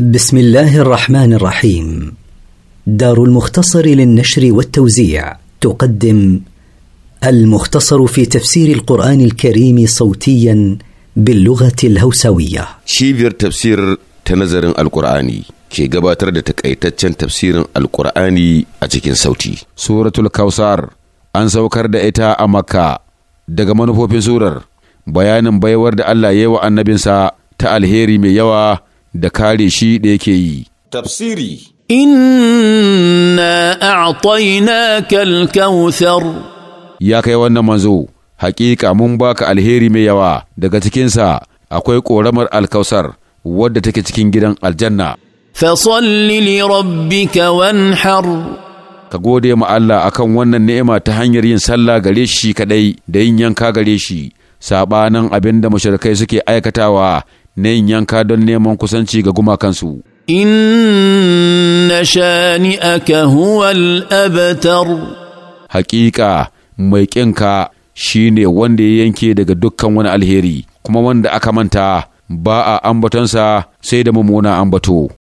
بسم الله الرحمن الرحيم دار المختصر للنشر والتوزيع تقدم المختصر في تفسير القرآن الكريم صوتيا باللغة الهوسوية شيفير تفسير تنزر القرآني كي قباتر تكأيتتشن تفسير القرآني أتكين صوتي سورة الكوسار أنسى وكرد إتا أمكا دقمانو فوبين سورر بيان بيورد الله يوى النبي سا تالهيري ميوه da kare shi da yake yi. Tafsiri Inna a'tainaka al Ya kai wannan manzo, hakika mun baka alheri mai yawa daga cikinsa akwai ƙoramar alkausar wadda take cikin gidan aljanna. Fasalli li rabbika wanhar Ka gode ma Allah akan wannan ni'ima ta hanyar yin sallah gare shi kaɗai da yin yanka gare shi, saɓanin abin da mashirkai suke aikatawa na yin yanka don neman kusanci ga gumakansu. Inna aka huwal abatar. Hakika mai ƙinka shi ne wanda ya yanke daga dukkan wani alheri, kuma wanda aka manta ba a ambatonsa sai da mummuna ambato.